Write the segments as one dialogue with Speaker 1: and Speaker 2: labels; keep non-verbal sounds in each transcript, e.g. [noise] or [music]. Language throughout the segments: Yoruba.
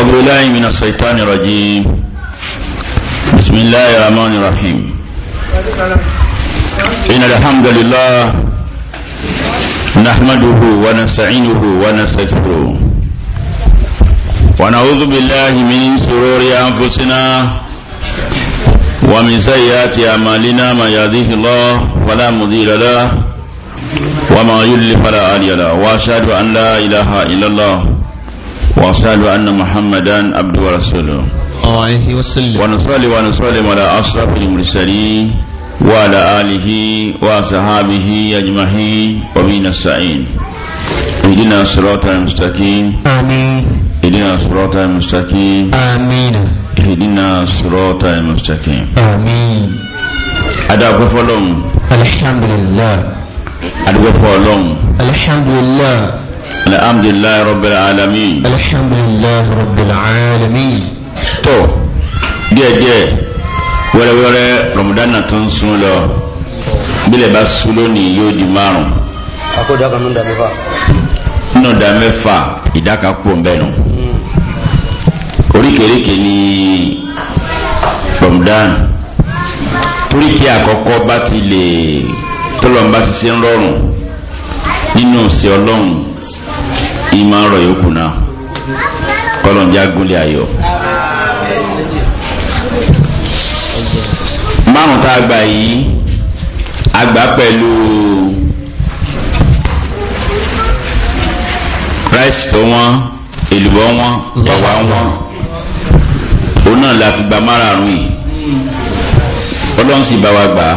Speaker 1: أعوذ بالله من الشيطان الرجيم بسم الله الرحمن الرحيم إن الحمد لله نحمده ونستعينه ونستغفره ونعوذ بالله من شرور أنفسنا ومن سيئات أعمالنا ما يهديه الله فلا مضل له وما يضلل فلا هادي له وأشهد أن لا إله إلا الله وأشهد أن محمدا عبده ورسوله عليه وسلم ونصلي ونسلم على أشرف المرسلين وعلى آله وصحابه أجمعين ومن السعين اهدنا الصراط المستقيم آمين اهدنا الصراط المستقيم آمين اهدنا الصراط المستقيم آمين أدعوك فلوم الحمد لله أدعوك فلوم الحمد لله الحمد لله رب العالمين الحمد لله رب العالمين tó díẹ̀díẹ̀ wẹ́rẹ́wẹ́rẹ́ Ramadan tó ń sún lọ bílẹ̀ bá sún lónìí yóò di márùn akódà kan nínú ìdá mẹ́fà nínú ìdá mẹ́fà ìdá kan pọ̀ ń bẹ̀nu oríkèéríkèé ní Ramadan torí kí àkọ́kọ́ bá ti lè tọ́lọ́mbá ti ṣe ń rọrùn nínú ìsìn ọlọ́run ìmọ̀ ọ̀rọ̀ yòókù náà kọlọ̀njá gúnlẹ̀ ayọ̀ márùn tá a gbà yìí a gbà pẹ̀lú rice tó wọ́n èlùbọ́ wọ́n ẹ̀wà wọ́n òun náà la fi gba márààrún yìí ọlọ́run sì bá wa gbà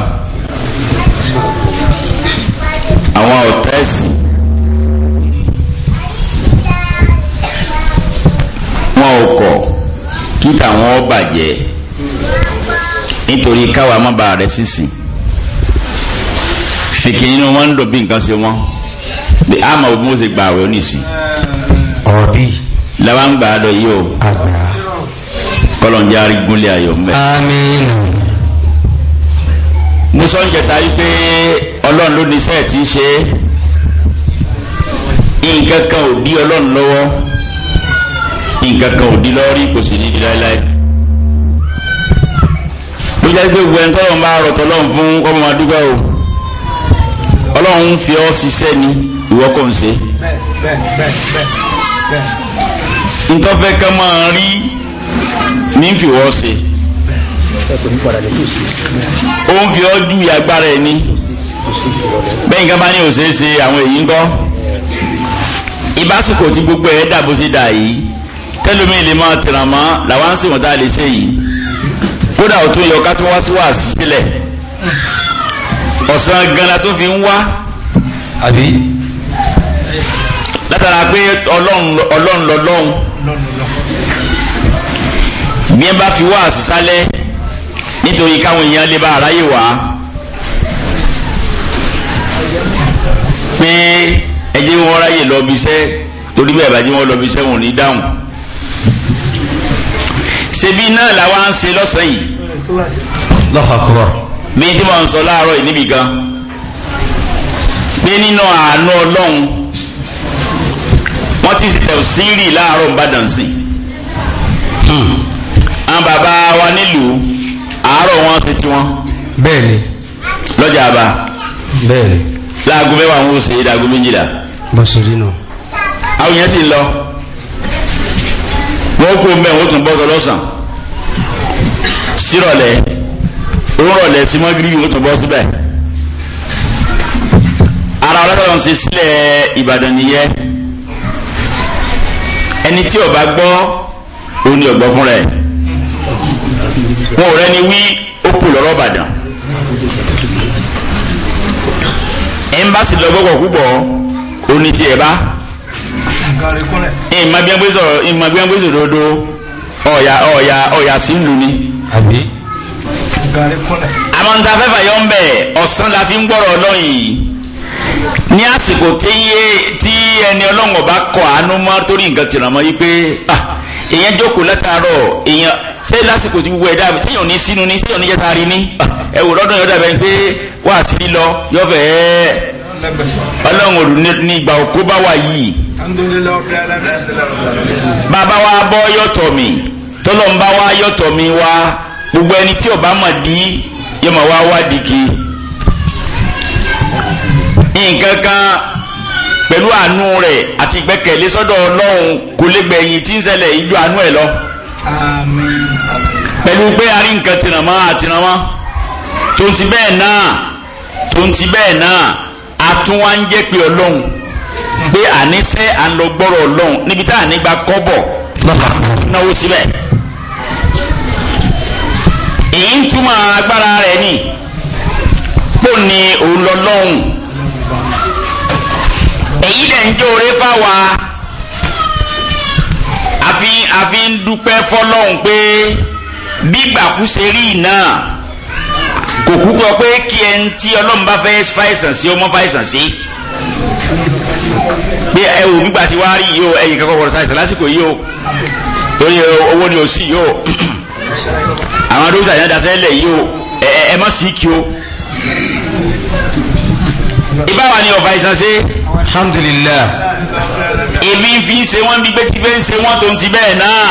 Speaker 1: àwọn ọ̀tẹ́sì. àwọn ọkọ̀ kí tàwọn ó bàjẹ́ nítorí káwa má bàa rẹ̀ sísìn fìkì nínú wọn ń dùn bí nǹkan ṣe wọn a mọ̀ bí mo ṣe gba àwẹ̀ oníṣì. ọ̀bí. làwọn ń gbà á lọ yìí o. àgbà. kọlọ̀njẹ́ arígúnlẹ̀ ayọ̀ mẹ́. àmín. mo ń jẹta wípé ọlọ́run ló ní sẹ́ẹ̀ tí ń ṣe é nǹkan kan ò dí ọlọ́run lọ́wọ́ nǹkan kan ò di lọ́rí kò sì ní di láéláé ló jẹ́ pé gbogbo ẹni tọ́lọ́run bá rọ̀tọ̀ lọ́run fún ọmọ máa dúpẹ́ o ọlọ́run ń fi ọ́ ṣiṣẹ́ ni ìwọ kò ń ṣe ntọ́fẹ́ ká máa rí ní fi wọ́ ṣe ó ń fi ọ́ ju ìyàgbára ẹ̀ ní bẹ́yìn ká bá ní òṣèṣe àwọn èyí ń kọ́ ìbásùkò tí gbogbo ẹ̀ dàbó ṣe dà yìí tẹ́lómi lè máa tìrànmọ́ làwọn ń sèwọ̀n tá a lè ṣe yìí kódà ó tún yọ ká tún wá sí wá sílẹ̀ ọ̀sán ganla tó fi ń wá àbí látara pé ọlọ́run lọ́lọ́run bí ẹ bá fi wá àṣìṣálẹ́ nítorí káwọn èèyàn lè bá aráyè wá pé ẹjẹ́ wọn ráyè lọ bí iṣẹ́ torí bẹ́ẹ̀ bá jẹ́ wọn lọ bí iṣẹ́ wọn ní dáhùn ṣebí náà làwa ń ṣe lọ́sàn yìí lọ́fàkúrọ̀ mi tí mo ń sọ láàárọ̀ yìí níbi gan pé nínú àánú ọlọ́run wọ́n ti tẹ̀ sírì láàárọ̀ ìbàdàn sí hmm. àwọn bàbá wa nílùú àárọ̀ wọn ṣe tiwọn. bẹ́ẹ̀ni. lọ́jà àbá. bẹ́ẹ̀ni. láago mẹ́wàá wọn ò ṣe é láago méjìlá. bọ́sùn rí nù. àwọn yẹn sì ń lọ wọ́n kó mẹ́ wọ́n tún bọ́sọ lọ́sàn sírọ̀lẹ́ òórọ̀lẹ́ sí mọ́gírí wọ́n tún bọ́ síbẹ̀ ara ọlọ́dọ̀ ń ṣe sílẹ̀ Ìbàdàn nìyẹn ẹni tí ó bá gbọ́ òun ni ó gbọ́ fúnra ẹ̀ wọn ò rẹ́ni wí ó kù lọ́rọ̀ Ìbàdàn ẹ̀ ń bá sì lọ gbọ́gbọ̀ púpọ̀ òun ni tiẹ̀ bá ìmọ̀ bí wọ́n gbé sọ̀rọ̀ ìmọ̀ bí wọ́n gbé sọ̀rọ̀ dodo ọ̀yà ọ̀yà ọ̀yà sí ìlú ni. àwọn ta fẹ́fà yọ ń bẹ̀ ọ̀sán la fi ń gbọ́rọ̀ ọlọ́run yìí ní àsìkò tí ẹni ọlọ́run ọba kọ àánú mọ́ torí nǹkan tìrànmọ́ yìí pé ah jókòó látàárọ̀ èyàn ṣé lásìkò tí gbogbo ẹ̀dá séyàn ní sínú ní séyàn ní jẹ́ta rí ní ah, ẹ̀wò lọ́dún yọ̀dà bẹ́ẹ̀ pé wà á sí lílọ yọ̀fẹ̀ ẹ́ ọlọ́run òrùn ní ìgbà òkú bá wà yìí bàbá wa bọ́ yọ̀tọ̀ mi tọ́lọ́mbà wa yọ̀tọ̀ mi wa gbogbo ẹni tí ọba mọ̀ di yọmọ wa wá dìkì nǹkan kan pẹ̀lú àánú rẹ̀ àti ìgbẹ́kẹ̀lé sọ́dọ̀ ọlọ́run kò lè gbẹ̀yìn tí ń ṣẹlẹ̀ ìjọ àánú ẹ̀ lọ. pẹ̀lú pé a rí nǹkan tìrànmọ́ àtìrànmọ́ tó ń ti bẹ́ẹ̀ náà tó ti bẹ́ẹ̀ náà a tún wá ń jẹ́ pé ọlọ́run pé àníṣe à ń lọ gbọ́rọ̀ ọlọ́run níbi tá à ní gba kọ́bọ̀ náwó síbẹ̀ èyí ń túmọ̀ agbára rẹ̀ ni pò ní òun lọ́lọ́run èyí dẹ̀ ń jóore fáwa àfi àfi ń dúpẹ́ fọlọ́hún pé bí gbàkú ṣe rí náà kò kúkọ pé kí ẹni tí ọlọ́run bá fẹ́ fàìsàn sí ọmọ fàìsàn sí ẹwù gbígbà tí wá rí yíò ẹ̀yìn kankan wọ̀rọ̀ sáìsàn lásìkò yíò lórí eh, owó ni ó sì yíò àwọn dókítà yẹn dasẹ́ lẹ̀ yíò ẹ má sí kí o ìbáwa ni ọ̀fà ìsàn ṣe èmi fi ṣe wọ́n bí gbé tí gbé ń ṣe wọ́n tó ń ti bẹ́ẹ̀ náà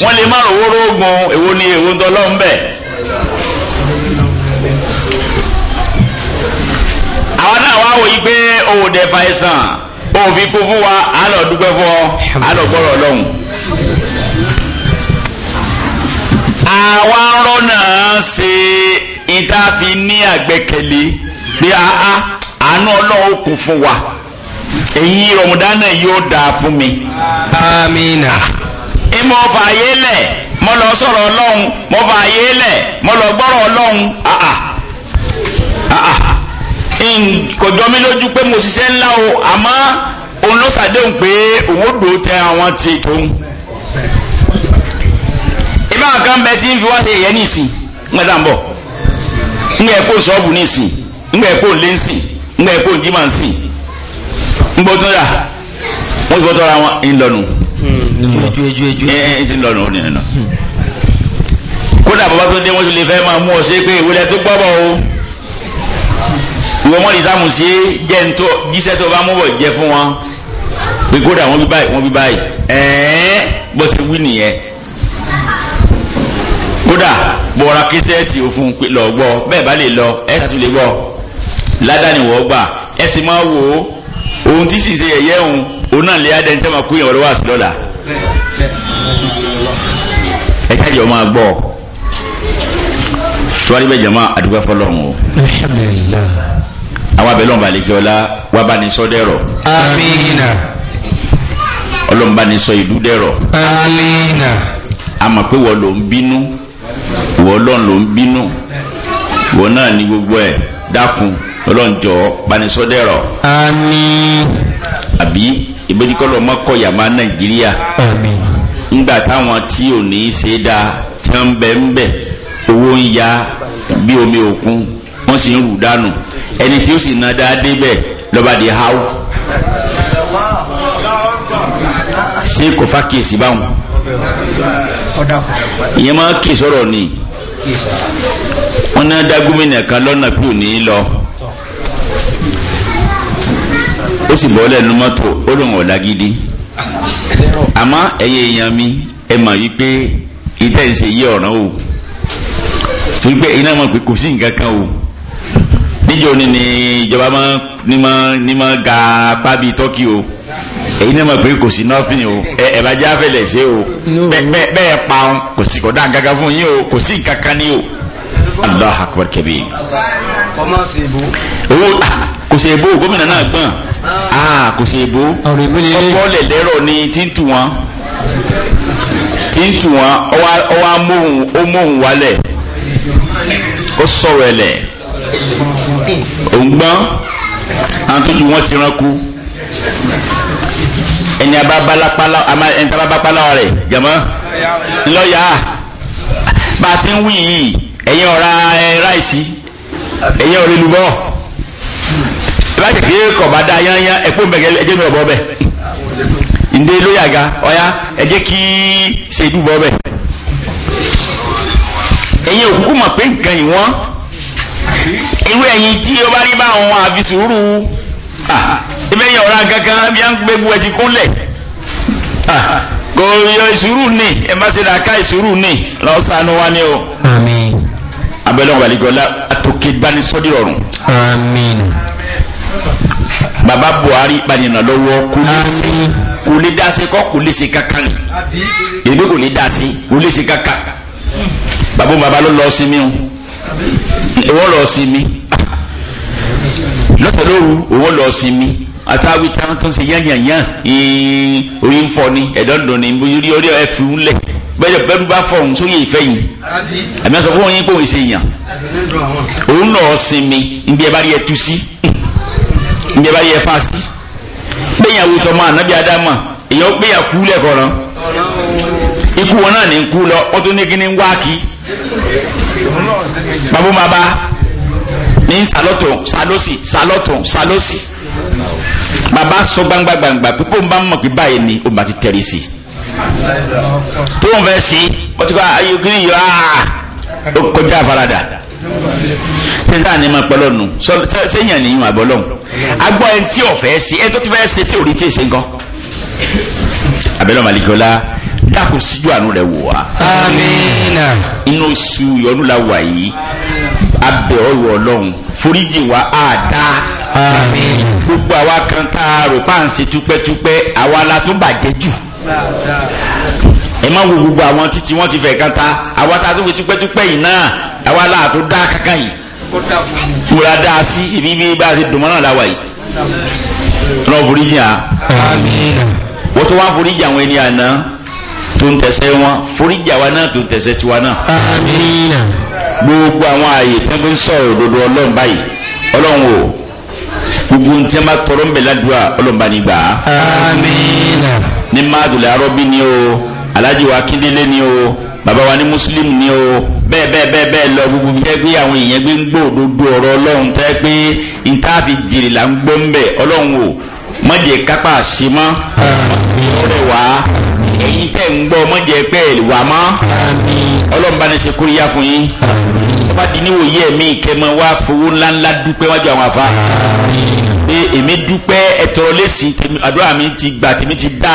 Speaker 1: wọ́n lè má rówó rógun èwo ni èwo ń tọ́lọ́ ń bẹ̀ àwọn náà wá wòye pé òwò dẹ̀ bó fi kú fún wa àlọ́ dúpẹ́ fún ọ àlọ́ gbọ́rọ̀ lọ́hùn. àwa rọ́nà ṣe ìtàfi ní àgbẹ̀kẹ̀lé bí a àánú ọlọ́run kún fún wa èyí rọmọdánà yóò dáa fún mi. amina. ìmọ̀ ah, fààyè lẹ̀ mo lọ sọ̀rọ̀ ọlọ́run mo fààyè lẹ̀ mo lọ gbọ́rọ̀ ọlọ́run. Ah, ah, ah kọjọ́ mi lójú pé mo ṣiṣẹ́ ńlá o àmọ́ òun ló ṣàdéhùn pé owó dò tẹ àwọn ti tòun. ìbá kan bẹ tí ń fi wá ṣe ìyẹn nìsín ń gbẹ́dà ń bọ̀ ń gbẹ́ kó sọ́ọ̀bù nìsín ń gbẹ́ kó lé ńsìn ń gbẹ́ kó jímà ńsìn ń tó dà wọ́n ti fọ́ tọ́ra wọn ńlọnu. ẹ ẹ ti lọnu kódà bàbá tó dé wọ́n ti lè fẹ́ máa mú ọ sí pé ìwúlẹ̀ tó gbọ́ bọ̀ o ìwọ mọ́lì sáàmù sí jẹ́ ń tó jíṣẹ́ tó bá múbọ̀ jẹ́ fún wọn pé kódà wọ́n bí báyìí wọ́n bí báyìí ẹ̀ẹ́n bó ṣe wí nìyẹn kódà bọ̀ọ̀ra kẹsẹ́ẹ̀tì òfun lọ gbọ́ bẹ́ẹ̀ bá lè lọ ẹ̀ kàtó lè gbọ́ ládàáni wọ́ gbà ẹ sì máa wò ó ohun tí sì ń ṣe yẹ̀yẹ́ òun òun náà lè adẹ́ni tẹ́ máa kú ìyàwó lọ́wọ́ lọ́la ẹ jáde ọmọ àgbọ̀ tuwari bẹ jama a dúpẹ́ fọ́lọ́run o àwọn abẹ́lẹ́ ọ̀bà lè fi ọlá wà bá ní sọ dẹ̀rọ̀. amina. ọlọ́run bá ní sọ ìlú dẹ̀rọ̀. amina. a mọ̀ pé wọ́n ló ń bínú wọ́n ọlọ́run ló ń bínú wọ́n náà ní gbogbo ẹ̀ dákun ọlọ́run jọ bá ní sọ dẹ̀rọ̀. àmín. àbí ìgbẹ́jìkọ́lọ́ mọ́kọ̀ yàmá nàìjíríà. àmín. ńgbà táwọn tí ò ní í ṣe dáa tí wọ́n ń bẹ̀ ń bẹ̀ owó ń ya bí omi òkun wọ́n sì ń rù dànù. ẹni tí ó sì na dáadé bẹ̀ lọ́ba di hau ṣé kò máa kè sọ̀rọ̀ ni wọ́n dá gómìnà kan lọ́nà pé ò lọ ó sì bọ́ lẹ́nu mọ́tò ọ̀la gidi àmọ́ ẹ̀yẹ èèyàn mi ẹ níjọ ni ni ìjọba máa ní máa ní máa ga pábí tọ́kì o èyí náà mọ̀ pé kò sí nọ́fìn o ẹ bá já fẹlẹ̀ ṣe o bẹ́ẹ̀ pa ọ́n kò sí kò dáa gángan fún yín o kò sí kankan ní o allah akbar kabir. kọ́mọ sí ibú. owó kò sí ibú gómìnà náà gbọ́n ah. kò sí ibú ọ̀pọ̀ lẹ̀lẹ́rọ̀ ni tí ń tù wọ́n tí ń wálẹ̀ ó sọ̀rọ̀ ẹ̀lẹ̀ òǹgbọ́n àwọn tó ju wọn ti ránkú ẹni ababalapala ẹni tababapala rẹ̀ jẹ̀mọ́ lọ́yà bá a ti ń wí yìí ẹ̀yin ọ̀ra ẹ̀ ráìsì ẹ̀yin ọ̀rẹ́ lubọ́ láti kí kọ̀bá dá yányá ẹ̀kú mẹ́gẹ́lẹ́ ẹjẹ́ mi ọ̀bọ bẹ̀ ǹdé lóyà ga ọ̀yá ẹjẹ́ kí ṣèdúbọ̀ bẹ̀ ẹ̀yin òkúkú mọ̀ pé nǹkan ìwọ́n irú ẹ̀yin tí ó bá rí bá àwọn àfi sùúrù ibẹ̀ yẹn kankan bí a ń gbégbó ẹtì kúnlẹ̀ kò yọ ìsúrù ní ẹ má ṣe dàka ìsúrù ní lọ́sànán wa ni o. abẹ́lẹ́ wà lẹ́gbẹ̀ọ́lá àtòkè gbani sọ́dí rọrùn. Buhari gbanìyàn lọ́wọ́ kò lè dá kọ́ kò kankan ni èdè kò lè dá kankan bàbá bàbá ló lọ sí mi o. ìwọ lọ sinmi lọ́tẹ̀ lóru òun lọ sinmi àtàwí táwọn tó ń oyin fọ ni ẹ̀dọ́ndọ̀ ni orí orí ẹ̀fù ńlẹ̀ bẹ́ẹ̀ bẹ́ẹ̀ bá fọ òun sóyè ìfẹ́ yìí ẹ̀mí sọ fún oyin pé ṣe yàn òun lọ sinmi níbi bá rí sí níbi bá rí sí babu Maba, ní sàlọ́tò salosi, sàlọ́tò salosi. baba sọ gbangba gbangba pé kó n bá mọ̀ pé báyìí ni o bá ti tẹ̀lé sí tó ń fẹ́ sí wọ́n ti kọ́ ayélujára yìí aaa ah! o kọjá àfaradà sẹ́ńtà ni ma pẹ́lọ́ nù sẹ́yìn ni ìwà bọ́lọ́ agbọ́ ẹni tí ò fẹ́ sí ẹni tó ti fẹ́ ṣe tí ò rí tí ì ṣe nǹkan abẹ́lẹ́ ọ̀màlìkọ́lá dákun síjú àánú rẹ̀ wò wá. amina. inú oṣù yọdún la wà yìí abẹ́ ọ̀rọ̀ ọlọ́run foríjì wa á dá. amina. gbogbo àwa kan tá a rò páǹsì túpẹ́túpẹ́ àwa la tún bàjẹ́ jù ẹ má wo gbogbo àwọn títí wọn ti fẹ́ kan ta àwa ta tó fi túpẹ́túpẹ́ yìí náà àwa là tó dá kankan yìí kúra dá sí ibi bí bá a ti dùnmọ́ náà láwa yìí lọ́ọ́ foríjì à wọ́n tún wá foríjì àwọn ẹni àná tó ń tẹ̀sẹ̀ wọn foríjì àwa náà tó ń tẹ̀sẹ̀ tiwa náà. amiina. gbogbo àwọn ààyè tí wọ́n fi ń sọ̀rọ̀ òdodo ọlọ́run báyìí ọlọ́run o gbogbo ń tẹ́ máa tọrọ ń bẹ̀ ládùúgbà ọlọ́run bá ní gbà á. amiina. ní máàdùlẹ̀ arọ́bí ni o alhaji wa akíndélé ni o bàbá wa ní mùsùlùmí ni o bẹ́ẹ̀ bẹ́ẹ̀ bẹ́ẹ̀ bẹ́ẹ̀ lọ gbogbo bí pé àwọn èèyàn gbé ń gbọ́ òdodo ọ̀rọ̀ ọlọ́run tẹ́ pé n tá là ń gbọ́ ń bẹ̀ ọlọ́run o mọ̀jẹ̀ kápá àṣemọ́ ọ̀rẹ́ wàá ẹ̀yin tẹ́ ń gbọ́ mọ́jẹ pẹ́ wà mọ́ ọlọ́run bá ní fún yín bá di níwòye ẹ̀mí ìkẹmọ wá fowó ńláńlá dúpẹ́ wájú àwọn afá pé èmi dúpẹ́ ẹ̀tọ́rọ lẹ́sìn àdúrà mi ti gbà tèmi ti dá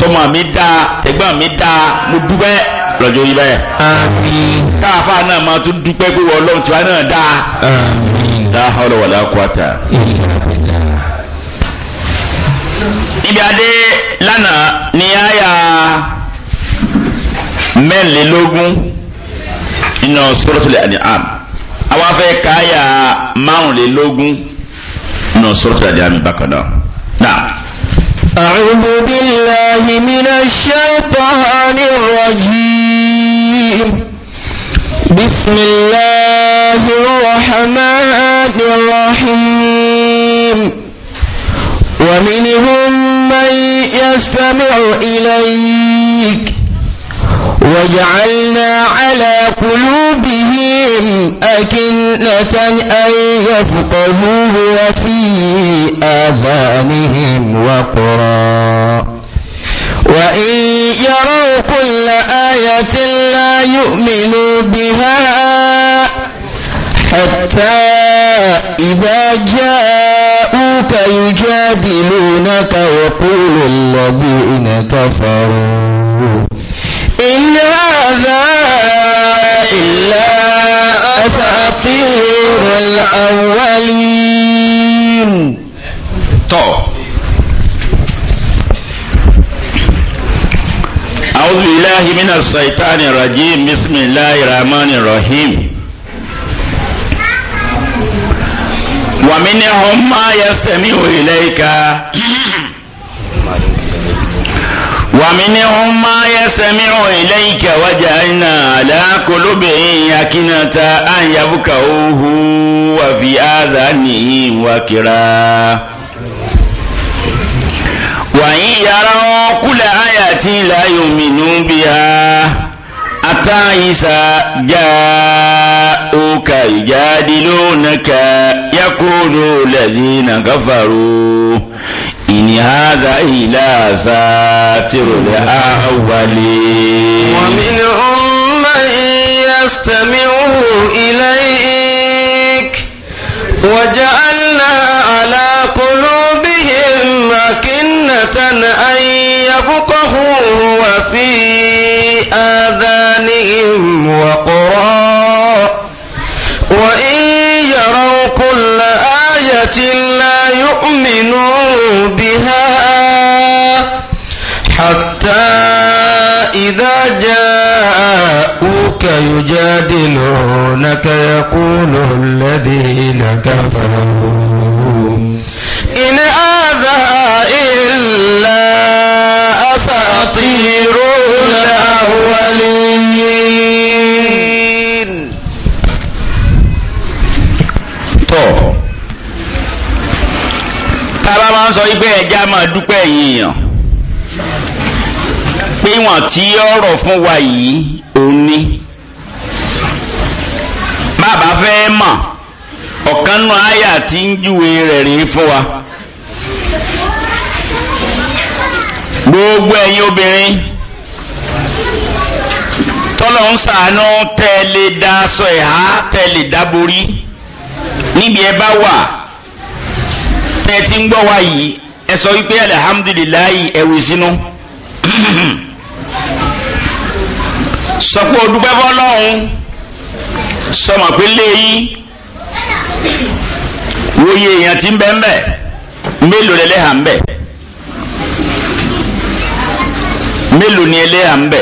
Speaker 1: tọmọ mi dá tẹ̀gbọ́n mi dá mo dúpẹ́ lọ́jọ́ yìí bẹ́ẹ̀ káàfà náà máa tún dúpẹ́ pé wọ́n ọlọ́run tiwa náà dá dáhọ́rọ̀ wàlá kwata níbi adé lánàá ní àyà mẹ́rìnlélógún nínú suratul An'am àwọn afẹ́ káyà márùnlélógún nínú suratul An'am bákan أعوذ بالله من الشيطان الرجيم بسم الله الرحمن الرحيم ومنهم من يستمع إليك وجعلنا على قلوبهم أكنة أن يفقهوه وفي آذانهم وقرا وإن يروا كل آية لا يؤمنوا بها حتى إذا جاءوك يجادلونك يقول الذين كفروا إن هذا إلا أساطير الأولين أعوذ بالله من الشيطان الرجيم بسم الله الرحمن الرحيم ومنهم ما يستمع إليك ومنهم ما يستمع إليك وجعلنا على قلوبهم يكنة أن يبكوه وفي آذانهم وكرا وإن يروا كل آية لا يؤمنون بها أتا إذا جاءوك يجادلونك يقول الذين كفروا إن هذا إلا ساتر الأولين ومنهم من يستمع إليك وجعلنا على قلوبهم أكنة أن يفقهوا وفيه كذلك يجادلونك يقول الذين كفروا إن هذا إلا أساطير الأولين tó tábà máa ń sọ ibẹ̀ ẹja máa dúpẹ́ yìnyín pé wọ́n ti ọ̀rọ̀ fún wa yìí òní bàbá fẹ́ mọ̀ ọ̀kan àyà tí ń júwe rẹ̀ rí fún wa. gbogbo ẹ̀yin obìnrin tọ́lọ̀ ń sàánú tẹ́lẹ̀ dá sọ ẹ̀há tẹ́lẹ̀ dá borí níbi ẹ bá ti ń gbọ́ wa yìí ẹ sọ wípé alihamudulilayi ẹ̀wì sínú [coughs] sọ pé o dúpẹ́ sọmọ pé léyìn wòye èèyàn ti ń bẹ́ ń mélòó lẹ ń mélòó ni ń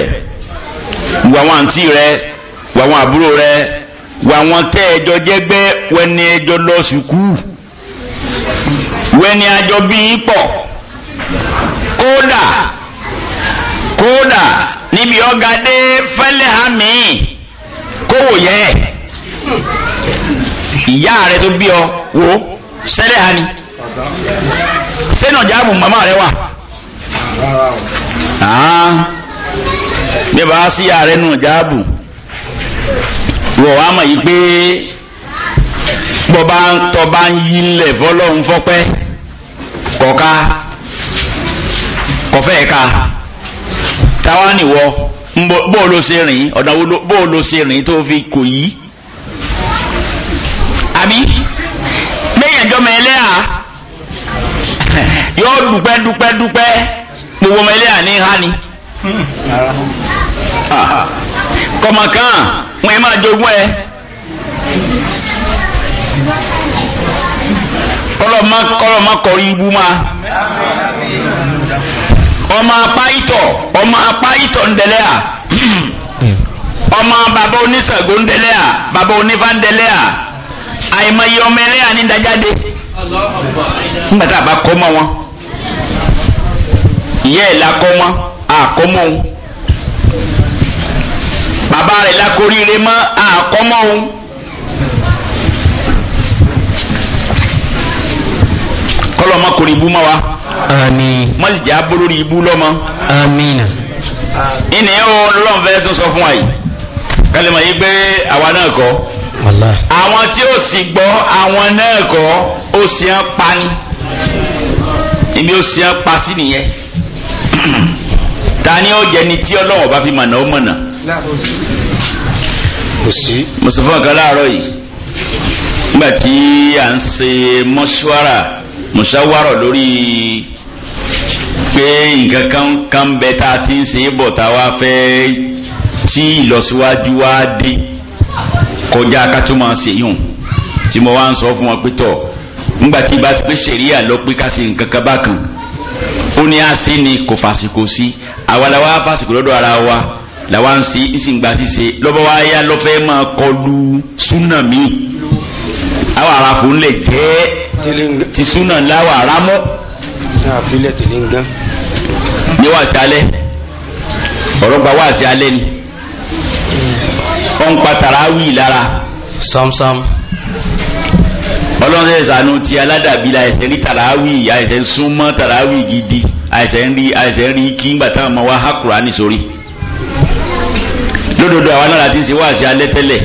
Speaker 1: wà wọn àǹtí rẹ wà wọn àbúrò rẹ wà wọn tẹ́ ẹjọ́ jẹ́gbẹ́ wẹni ẹjọ lọ sùkúù wẹni àjọ kódà kódà níbi dé yẹ. ìyá rẹ tó bí ọ wo sẹ́lẹ̀ ha ni sẹ́nà jáàbù màmá rẹ wà ah. bí a bá sí ìyá rẹ nù jáàbù wọ̀ wá mọ̀ yìí pé bọ́ba tọba ń yí lẹ̀ fọlọ́run fọ́pẹ́ kọ̀ọ̀ka kọ̀fẹ́ ẹ̀ka táwa nìwọ bó o lo ṣe rìn ọ̀dà àbí lẹ́yìn ẹjọ́ mọ ẹlẹ́yà [laughs] yóò dúpẹ́ dúpẹ́ dúpẹ́ gbogbo ọmọ ẹlẹ́yà ní ha ni. [laughs] Ah. kọ̀mọ̀kan wọn ẹ máa jogún ẹ. kọlọ́mọ kọlọ́mọ kọrí ibú máa ọmọ apá ìtọ̀ ọmọ apá ìtọ̀ ń dẹlẹ́ à [clears throat] hmm. ọmọ bàbá oníṣàgó ń dẹlẹ́ à bàbá onífà ń dẹlẹ́ à àìmọye ọmọ ẹlẹ́yà ní dájáde nígbà tá a bá kọ́ mọ́ wọn ìyá ẹ̀ la kọ́ mọ́ àkọ́mọ́ òun bàbá rẹ̀ la koríire mọ́ àkọ́mọ́ òun. kọlọ ma kori ibu ma wa. àmín. mọlìjà abolori ibu lọmọ. àmín. ìní ó lọ́nfẹ́ tó sọ fún wa yìí kálí ma yí pé àwa náà kọ́ àwọn tí ó sì gbọ́ àwọn náà kọ́ ó sì ń pa ni ibi ó sì ń pa sí nìyẹn [clears throat] ta ni ó jẹ ni tí ọlọ́wọ́ bá fi mọ̀nà ó mọ̀nà mùsùlùmí kan láàárọ̀ yìí nígbà tí à ń ṣe mọ́ṣúárà mùṣáwárọ̀ lórí pé nǹkan kan kan bẹ tá a ti ń ṣe é bọ̀ tá a wá fẹ́ tí ìlọsíwájú wá dé kọjá kátúmọ̀ ṣe yùn tí mo wá ń sọ fún wọn pé tọ̀ nígbàtí bá ti pé ṣẹ̀ríà lọ pé ká ṣe nǹkan kan bákan ó ní àṣẹ ni kò fàṣìkò sí àwa la wá fàṣìkò lọ́dọ̀ ara wa làwa ń ṣe ìsìngbà ṣíṣe lọ́bọ̀ wá yá lọ́fẹ́ máa kọlu súnà mi àwọn àràfò ń lè jẹ́ ti súnà láwà rámọ́ níwàásí alẹ́ ọ̀rọ̀ gba wàásí alẹ́ ni ń pa tàràwì lára sọmsọm ọlọ́run ṣe ti aládàbí la rí tàràwì àìsẹ̀ súnmọ́ tàràwì gidi àìsẹ̀ rí àìsẹ̀ rí kí ń gbàtà ọmọ wa hákùrá nísorí lódodo àwa náà láti ń ṣe wáàsí alẹ́ tẹ́lẹ̀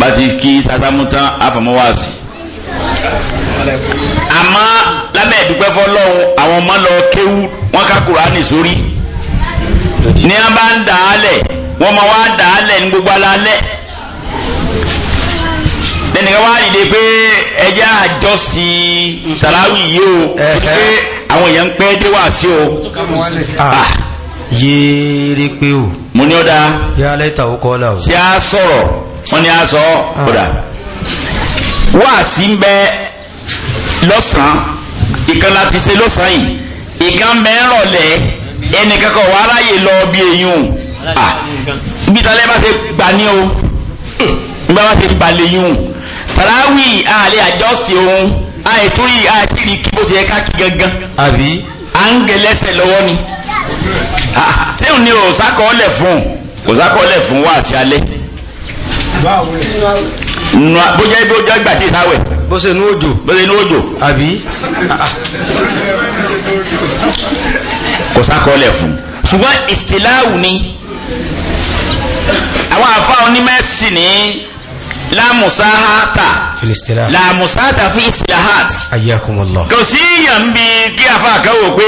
Speaker 1: bá ti kí sátámú tán àmọ́ lábẹ́ ìdúpẹ́ fọlọ́run àwọn ọmọ lọ kéwú wọn ká kùránì sórí ní a ń dà á lẹ̀ wọ́n máa wá dà á lẹ̀ ní gbogbo alálẹ̀ lẹ́nìkan wá dìde pé ẹjẹ́ àjọsí tàràwì yìí o pé àwọn èèyàn ń pẹ́ dé wá sí o. Ah. Ah. yéèrè pé o. mo ní ọ̀dà. yálà ìtàwọ́ kọ́ la o. ṣé a sọ̀rọ̀ wọ́n ní a sọ ọ̀dà. wá sí ń bẹ lọ́sàn-án ìkan láti ṣe lọ́sàn-án yìí ìkan mẹ́rànlẹ́ ẹnìkan kan wàá ráyè lọ bí eyín o. Ah, tàlẹ́ bá ṣe gbà ní o nígbà hmm, bá ṣe gbà lẹ́yìn tàràwì àlẹ́ àjọsí ohun àìtórí àti rí kí bó ti ẹ̀ka kí gangan àbí à ń gẹ lẹ́sẹ̀ lọ́wọ́ ni tí ah, ò ní o sákọọ́lẹ̀ fún o sákọọ́lẹ̀ fún wá àti alẹ́ bó jẹ́ bí ó jẹ́ ìgbà tí ìsáwẹ̀ bó ṣe ní òjò bó ṣe ní àbí kò sákọọ́lẹ̀ fún ṣùgbọ́n ìsìláwù ni àwọn àfa onímẹ̀sì ní lámùsáhátà lámùsáhátà fi ìsìláhát kò sí ìyàn bí kí àfa àkẹ́wò pé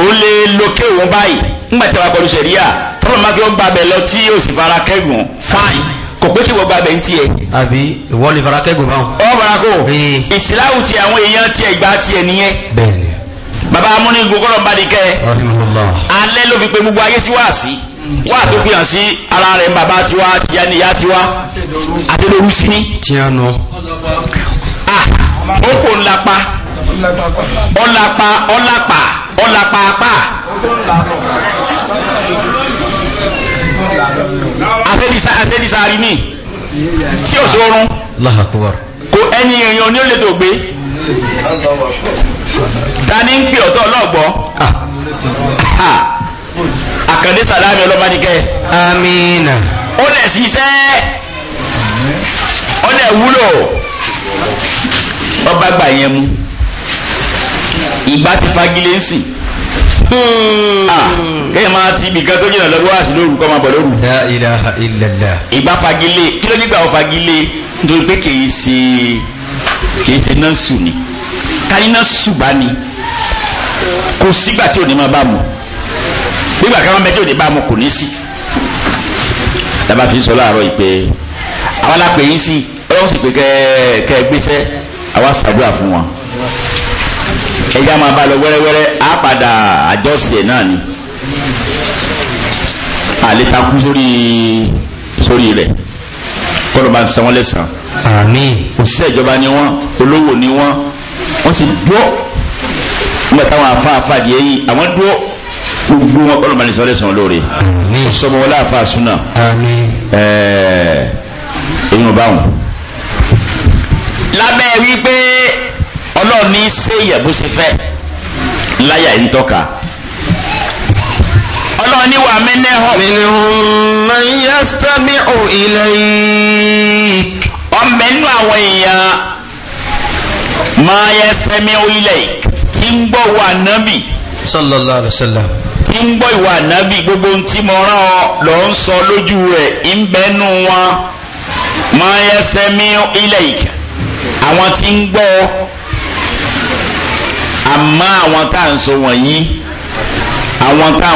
Speaker 1: ó lè lókè òun báyìí ńgbàtí wà pẹ̀lú sẹ̀ríà tọ́lọ̀ máa kí ó gbàbẹ̀ lọ tí ó sì fara kẹ́gùn fáìn kò pé kí wọ́n gbàbẹ̀ ń tiẹ̀. àbí ìwọ lè fara kẹ́gùn báwọn. ọ fara kó ìsìláhù ti àwọn èèyàn tiẹ̀ ìgbà tiẹ̀ nìyẹn. bẹ́ẹ̀ni. bàbá amúnigun kọ́lọ̀ bá di kẹ́. alẹ́ ló fi pe gbogbo ayé sí wáàsí wà tó pè hàn sí ara rẹ̀ ń bàbá tiwa tìyá ni ìyá tiwa àtẹ́lórú sí ní. tí a nọ. ó kò ń lapa ọlapa ọlapa ọlapa apá. afẹ́dísárì ní tí ò sórun kò ẹni èèyàn ní ó lè tó gbé ta ní ń pè ọ̀tọ̀ ọlọ́gbọ́ àkàndé sàlámì ọlọ́bá ní kẹ́ amina ó lẹ̀ síṣẹ́ ó lẹ̀ wúlò ọba gbà yẹn mú ìgbà ti fagilé ń sìn hmm. ah, kéèyàn máa ti ibìkan tó jìnà lọ́dún wá sí lóru kọ́ máa bọ̀ lóru. La ilaha illallah. ìgbà fagilé kí ló nígbà fagilé nítorí pé kìí ṣe kìí ṣe náà sùn ni ká ní náà sùn bá ni kò sígbà tí ò ní máa bá mu nígbà káwọn bẹ́ẹ̀ tí ò ní bá mu kò ní sí. dábàá fi sọ láàárọ̀ yìí pé àwa la yín sí ọlọ́run sì pé kẹ́ kẹ́ gbéṣẹ́ àwa ṣàdúrà fún wọn. ẹja máa bá lọ wẹ́rẹ́wẹ́rẹ́ á padà àjọṣe náà ni àlè takú sórí sórí rẹ̀ kọ́nà bá ń san wọ́n lẹ́sàn. àmín. òṣìṣẹ́ ìjọba ni wọ́n olówó ni wọ́n wọ́n sì dúró nígbà táwọn afáàfáà di ẹ̀yìn àwọn dúró gbogbo wọn kọ́nà bá ní sọ́lé sàn lóore sọmọ wọn láàfà èyí ò bá wọn. lábẹ́ wípé ọlọ́ọ̀ni ṣe ìyẹ̀bù fẹ́ láyà ń tọ́ka ọlọ́ọ̀ni wà mí ní họ. mi ni man yastami'u ilayk. ọ̀nbẹ nínú àwọn èèyàn ma yastami'u ilayk tí ń gbọ́ wà nábì sallallahu alaihi wasallam tí ń gbọ́ ìwà nábì gbogbo tí mo rán ọ lọ ń sọ lójú rẹ̀ ń bẹ́nu wọn máa yẹ sẹ́mi ilẹ̀ ìkà àwọn tí ń gbọ́ àmọ́ àwọn tá à ń sọ wọ̀nyí àwọn tá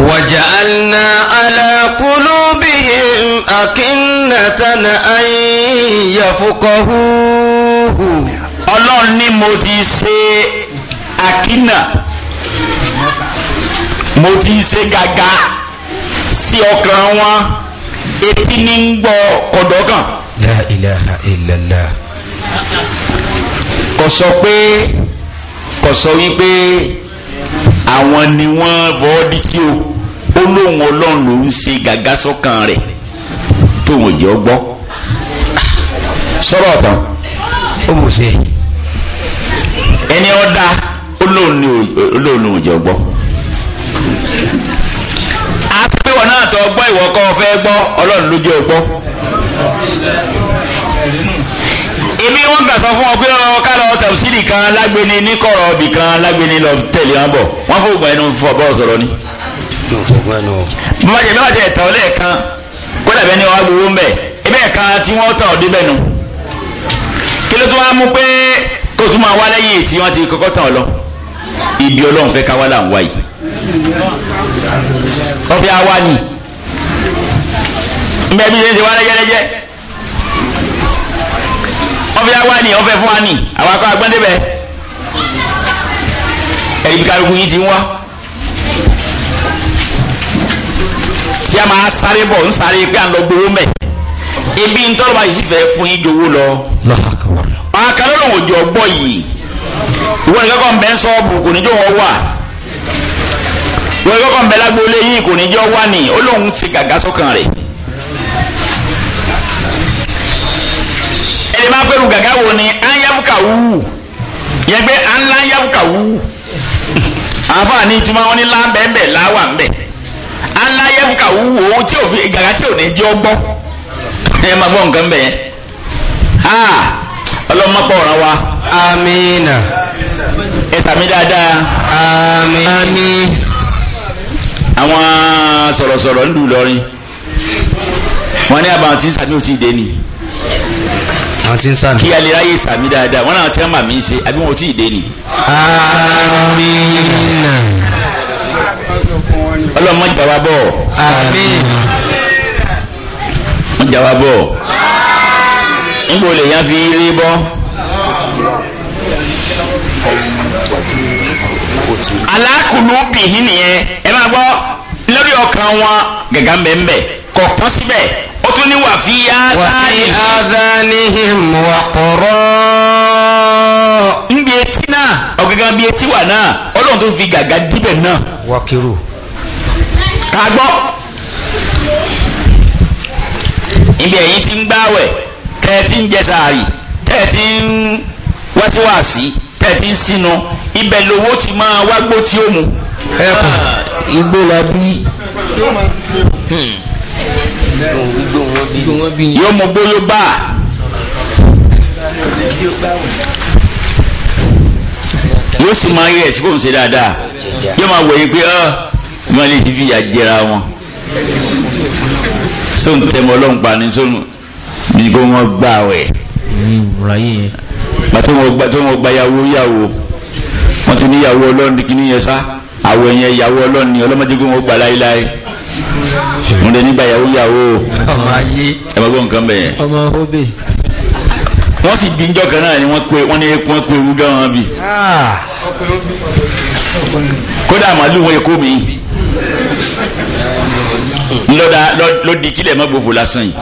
Speaker 1: وجعلنا على قلوبهم أكنة أن يفقهوه ọlọ́run ní mo ti ṣe àkínà mo ti ṣe gàgà sí ọkàn wọn etí ní ń gbọ́ kọ̀dọ̀kàn. la ilaha illallah. kò sọ pé kò sọ wípé àwọn ni wọ́n vọ́ọ́dí tí o ó lóun ọlọ́run ló ń ṣe gàgà sọ́kàn rẹ̀ tóun ò jẹ́ ọ gbọ́ sọ̀rọ̀ ọ̀tàn. Ọ bụ ọ̀dà olóòlù ìjọ̀gbọ́ àfihàn náà tó gbọ́ ìwọ kọ́ fẹ́ gbọ́ ọlọ́run ló jẹ́ ọgbọ́ èmi gbà sọ fún ọ pé ọ ká lọ kan lágbéni ní kọ̀rọ̀ ibì kan lágbéni lọ tẹ̀lé wọn bọ̀ wọ́n fòògùn ẹnu fún ọbọ̀ sọ̀rọ̀ ni. mọ̀jẹ̀ bí wọ́n ti kó dàbẹ́ ni wọ́n á gbowó ń bẹ̀ ibẹ̀ kan tí wọ́n tàn ọ́ débẹ̀ nu. ló tún wá mú pé kó tún máa wá lẹ́yìn tí wọ́n ti kọ́kọ́ tàn ọ́ lọ ibi ọlọ́run fẹ́ ká wá là ń wá yìí ọ̀fẹ́ àwa ni mbẹ́ bí ṣe ń wá lẹ́jẹ́lẹ́jẹ́ ọ̀fẹ́ àwa ni ọ̀fẹ́ fún wa ni àwọn akọ́ agbọ́n débẹ̀ ẹ̀yìn bí kálukú yìí ti ń wá tí a máa sáré bọ̀ ń sáré pé à ń lọ gbowó mẹ́ ebi ń tọ́lọ́ba yìí sì fẹ́ fún yín jowó lọ. àwọn akẹ́lẹ́ lòun ò jọ gbọ́ yìí ìwọ ní kọ́kọ́ ń bẹ́ ń sọ́ọ̀bù kò ní jọ wọ́n wà ìwọ ní kọ́kọ́ ń bẹ́ lágbóolé yìí kò ní jọ wà ní ó lóun gàgà sọ́kàn rẹ̀. ẹni máa pẹ̀lú gàgà wo ni à ń yábùkà wú yẹn pé à ń lá ń yábùkà wú àfààní ìtumọ̀ wọn ní láńbẹ̀ẹ́bẹ̀ láwà ń à ń lá yábùkà wú òun tí ò fi gàgà tí ò ní jọ gbọ́ ẹ máa gbọ́ nǹkan bẹ́ẹ̀ ọlọ́mọpọ̀ ọ̀ràn wa. amina. ẹ sàmì dáadáa. ami. àwọn sọ̀rọ̀sọ̀rọ̀ ń lù lọ́rin wọ́n ní àbá àti sàmì ò tí dé ni. àti sàmì. kí alẹ́ ayé sàmì dáadáa wọ́n náà ti ń bà mí ṣe àbí wọn ò tí dé ni. amina. ọlọ́mọ ìjọba bọ̀. amina. jáwábọ̀ níbo lè yá fi rí bọ́ alákùlù nìyẹn ẹ gbọ́ lórí ọkàn nwa gàgà mbẹ́mbẹ́ kọ̀ọ̀kan ó tún ní wà fi adánihìm wà kọ̀rọ̀ etí náà etí wà náà ọlọ́run tó fi gàgà díbẹ̀ ibi ẹ̀yin ti ń gbáwẹ̀ tẹ́ ẹ ti ń jẹ sàárì tẹ́ ẹ ti ń wáṣíwáṣí tẹ́ ẹ ti ń sínú ibẹ̀ lówó ti máa wágbó tí ó mu. ẹkùn ah. igbó la bí. Hmm. yóò mọ gbóyó bá a. yóò sì máa yẹ ẹ̀sìn fóun ṣe dáadáa yóò máa wọ̀nyí pé ọ́ ìmọ̀lẹ́ ti fi ìyà jẹra wọn so n tẹ́ mọ́ lọ́npa ní sónù ní kó wọ́n gbà wẹ̀ pàtó wọ́n gba yàwó yàwó wọ́n ti ní yàwó ọlọ́run kí ní yẹn sá àwọ̀ ẹ̀yẹn ìyàwó ọlọ́run ni ọlọ́mọdé kó wọ́n gbà láíláí wọ́n lè nígbà yàwó yàwó ẹ̀mọ́gbọ́n nǹkan bẹ̀yẹn wọ́n sì di ìjọ kan náà ni wọ́n pé wọ́n ní ẹkùn ẹkùn ewu gan wọn bí ah. kódà màálù wọn èkó mi lọ́dí kílẹ̀ mọ́ gbogbo lásán yìí.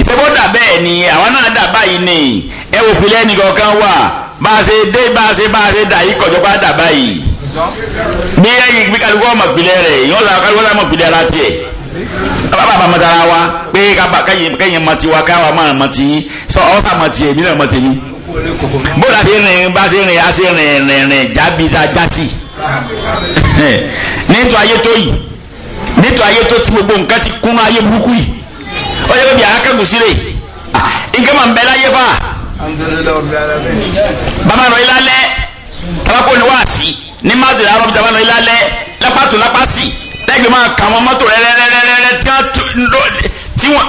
Speaker 1: ìṣẹ́bọ́ dà bẹ́ẹ̀ ni àwọn náà dà báyìí ni ẹ wò pé lẹ́nu kankan wà bá a ṣe dé bá a ṣe bá a ṣe dà yìí kọjọ́ bá dà báyìí. bí ẹyin bí kálukú ọmọ ìpìlẹ̀ rẹ̀ ìyọ́n la kálukú ọmọ ìpìlẹ̀ ara tiẹ̀ bàbá bàbá dara wa pé kẹ́yìn mọ tiwa káwa máa mọ tiyín sọ ọ́sà mọ tiẹ̀ èmi náà mọ tèmi. bó la ṣe ayé tó yìí nítorí ayé tó ti gbogbo nǹkan ti kún ayé burúkú yìí ó yẹ kó bí akágùn sílẹ̀ nǹkan máa ń bẹ láyé fà. bàbá rọ ilá lẹ tabako ni wá sí ní má dèrè arọ́bí tabako ilá lẹ lápàtó lápá sí lẹ́gbẹ̀ẹ́ máa kà wọ́n mọ́tò rẹ̀ rẹ́rẹ́rẹ́rẹ́ tí wọ́n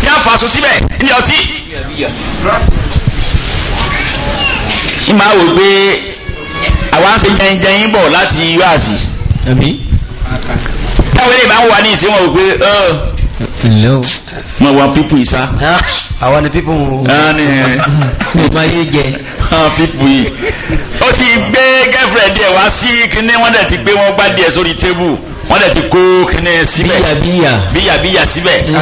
Speaker 1: tí wọ́n fàṣọ síbẹ̀ ní ọtí. ìmọ̀ àwò pé àwa ń ṣe jẹyìn jẹyìn bọ̀ láti wá sí táwọn ilé ìbá ń wà ní ìsìn wọn pé Ma wà pípù ìsá àwọn ni pípù ọmọ yé jẹ pípù yìí ó ti gbé gẹ́fẹ̀rẹ̀dì ẹ̀ wá sí kíní wọ́n dẹ̀ ti gbé wọ́n gbá díẹ̀ sórí tébù wọ́n dẹ̀ ti kó kíní síbẹ̀ bíyà bíyà bíyà síbẹ̀ mm.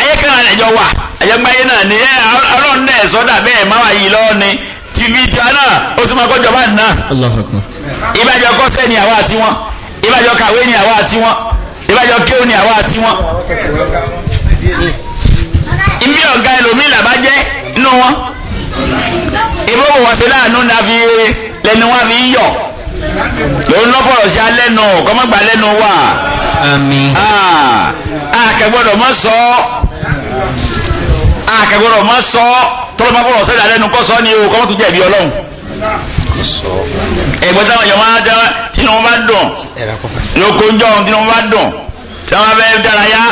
Speaker 1: ayé kan àlẹ́jọ wà ayẹ́gbáyé náà ni ẹ ọlọ́run náà sọ́dà bẹ́ẹ̀ máa wà yìí lọ́ọ́ ni tv tí a náà ó sì máa kọjọba náà ìbàjẹ́ kọ́sẹ́ ni àwa àti wọn ìbájọ́ kàwé ni àwa àti wọn ìbájọ́ kéwù ni àwa àti wọn ìbí ọ̀gá ẹlòmíì làbá jẹ́ inú wọn ìbówó wọn ṣe láàánú náà fi lẹnu wọn fi ń yọ lòun lọ fọ̀rọ̀ sí alẹ́nu kọ́mọ́gbà lẹ́nu wà àmín mọ́ sọ àkẹ́gbọ́dọ̀ mọ́ sọ tọ́lọ́mọ́ fọ̀rọ̀ sẹ́dá lẹ́nu kọ́ ni o kọ́mọ́tún jẹ̀bi ọlọ́run ẹ̀gbọ́n táwọn èèyàn máa dára tí wọ́n bá dùn lóko jọ tí wọ́n bá dùn tí wọ́n bá fẹ́ dárayá